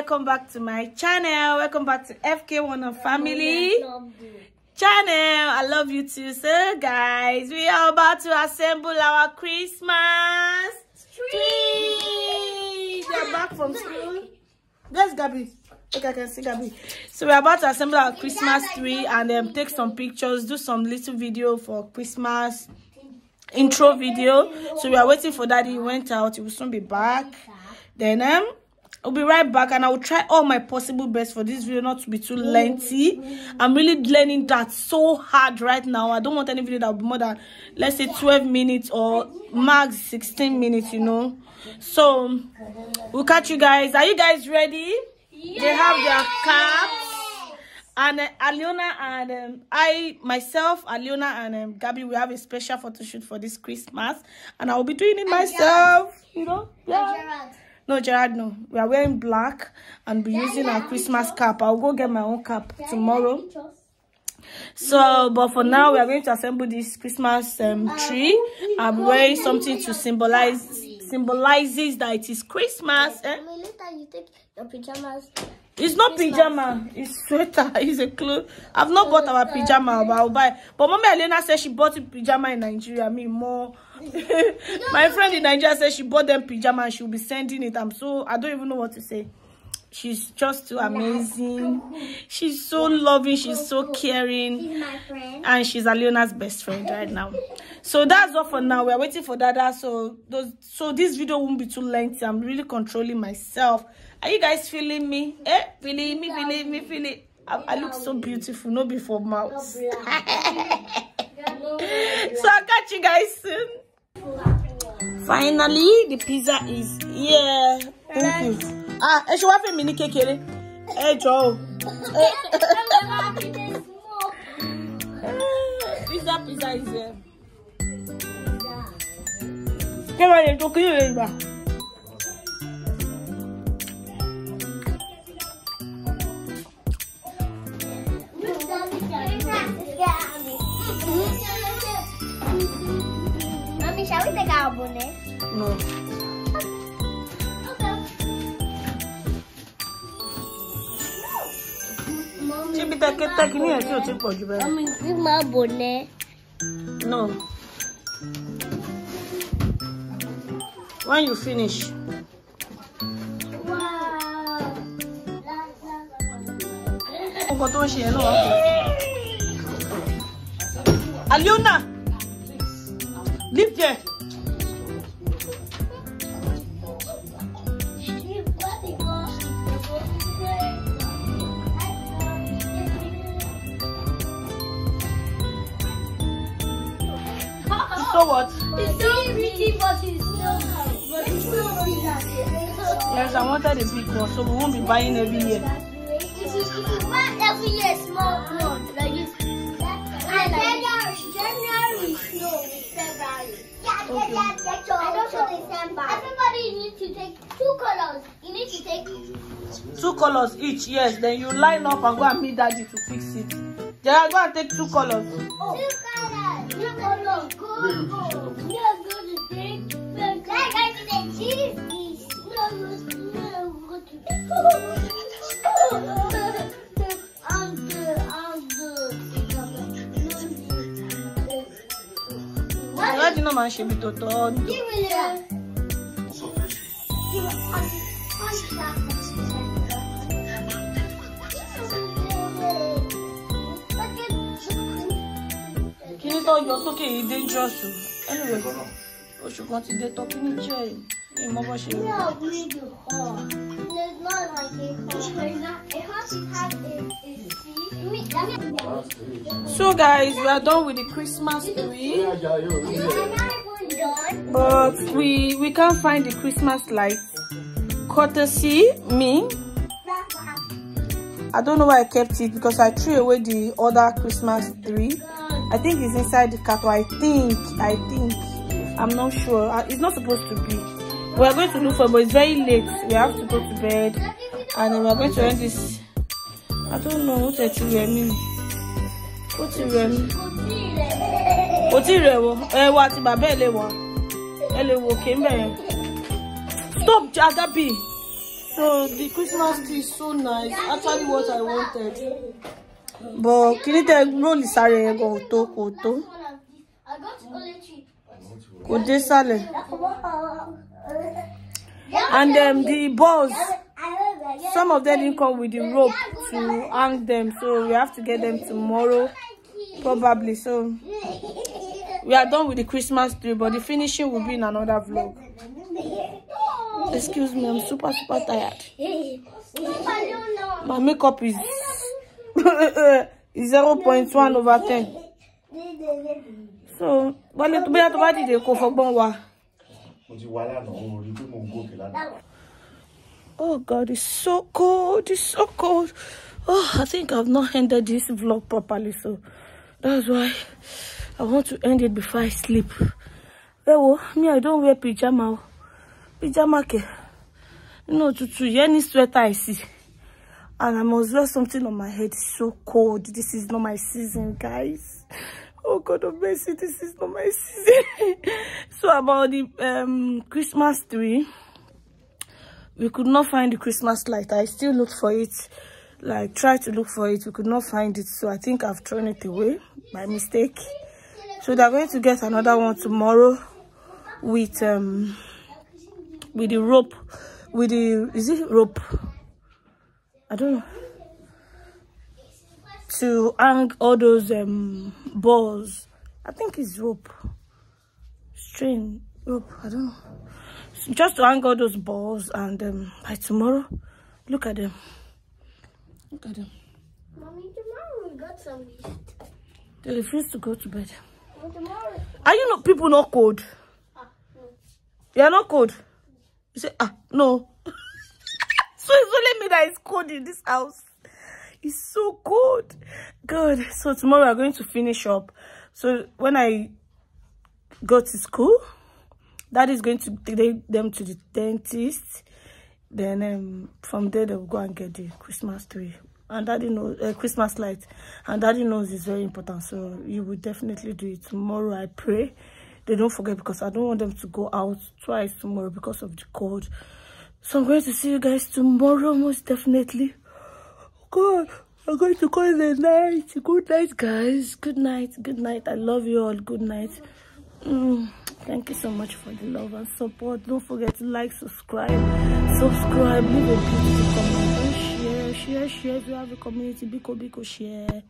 welcome back to my channel welcome back to fk1 family channel i love you too so guys we are about to assemble our christmas tree they're back from school there's gabby I can see Gabby. So we're about to assemble our Christmas tree and um, take some pictures, do some little video for Christmas intro video. So we are waiting for daddy. He went out. He will soon be back. Then um, I'll be right back and I'll try all my possible best for this video not to be too lengthy. I'm really learning that so hard right now. I don't want any video that will be more than, let's say, 12 minutes or max 16 minutes, you know. So, we'll catch you guys. Are you guys ready? Yay! They have their caps. And uh, Aliona and um, I, myself, Aliona and um, Gabby, we have a special photo shoot for this Christmas. And I will be doing it myself, you know. Yeah. No, Gerard, no. We are wearing black and be using our Christmas cap. I'll go get my own cap tomorrow. So, but for now, we are going to assemble this Christmas um, uh, tree. I'm wearing something to symbolize symbolizes that it is Christmas. Eh? I mean, later you take your pajamas It's not it's pajama. Not. It's sweater. It's a clothes. I've not bought our pajama, but I'll buy. But Mommy Elena said she bought a pajama in Nigeria. Me more. My friend in Nigeria said she bought them pajama and she'll be sending it. I'm so I don't even know what to say. She's just too amazing. She's so loving. She's so caring. She's my friend. And she's Aliona's best friend right now. So that's all for now. We're waiting for Dada. So those, so this video won't be too lengthy. I'm really controlling myself. Are you guys feeling me? Eh? Feeling me, feeling me, feeling I, I look so beautiful, not before mouth. so I'll catch you guys soon. finally the pizza is here. Thank you. ah ẹ ṣe wá fèmí ní kékeré ẹ jọ o. pizza pizza is here. kí ló lè tó kí ló lè gbà. ṣé bí tẹ́kítẹ́kí ní ẹ̀ tí ò ti pọ̀ jù bẹ́ẹ̀. ọmọ ìdí máa bò ní. no when you finish. ọkọ̀ tó ń ṣe ẹ̀ náà. Aliona leave there. what? It's so pretty, but it's not. But it's Yes, I wanted a big one, so we won't be buying every year. If you, buy every year small one, like this. January, January February. Yeah, December. Everybody needs to take two colors. You need to take two colors each. Yes, then you line up and go and meet daddy to fix it. Then I go and take two colors. Oh. Two colors. Hadi no manche mi toto. Kim bilir? Aşk. Aşk. tó yọ sókè yìí dangerous o anyway oṣù kan ti dé tọ́kí ní jẹ́ ní ìmọ̀ bọ́ ṣe. So guys, we are done with the Christmas tree. But we we can't find the Christmas light. Courtesy me. I don't know why I kept it because I threw away the other Christmas tree. I think it's inside the cattle. I think, I think. I'm not sure. Uh, it's not supposed to be. We are going to look for but it's very late. We have to go to bed. And then we are going to end this. I don't know what it is. I mean, what it is. What it is? Eh, what it What le wa? What wo kembe. Stop, Jagabi. So the Christmas tree is so nice. Actually, what I wanted bọ̀ kíní tẹ róòlì sáré yẹn gan kò tó kò tó kò dé sálẹ̀ and um, the balls some of them didn't come with the rope to hang them so we have to get them tomorrow probably so we are done with the Christmas tree but the finishing will be in another vlog excuse me I'm super super tired my makeup is zero point one over ten so wọlé tó bóyá tó bá dìde kó fọgbọ́n wa. Oh God, it's so cold. It's so cold. Oh, I think I've not ended this vlog properly, so that's why I want to end it before I sleep. Ewo, me, I don't wear pajama. Pajama ke. You know, tutu, any sweater I see. and i must wear something on my head it's so cold this is not my season guys oh god of mercy this is not my season so about the um christmas tree we could not find the christmas light i still looked for it like try to look for it we could not find it so i think i've thrown it away by mistake so they're going to get another one tomorrow with um with the rope with the is it rope I don't know, to hang all those um, balls. I think it's rope, string, rope, I don't know. just to hang all those balls and um, by tomorrow, look at them. Look at them. Mommy, tomorrow we got some meat. They refuse to go to bed. Well, tomorrow... Are you not people not cold? Ah, no. You are not cold? You say, ah, no. So it's only me that is cold in this house. It's so cold. God. So tomorrow we're going to finish up. So when I go to school, that is going to take them to the dentist. Then um, from there, they'll go and get the Christmas tree. And daddy knows, uh, Christmas light. And daddy knows it's very important. So you will definitely do it tomorrow, I pray. They don't forget because I don't want them to go out twice tomorrow because of the cold. So I'm going to see you guys tomorrow, most definitely. God, I'm going to call it a night. Good night, guys. Good night. Good night. I love you all. Good night. Mm, thank you so much for the love and support. Don't forget to like, subscribe, subscribe, leave a beautiful comment. Share, share, share. If you have a community, biko, biko, share.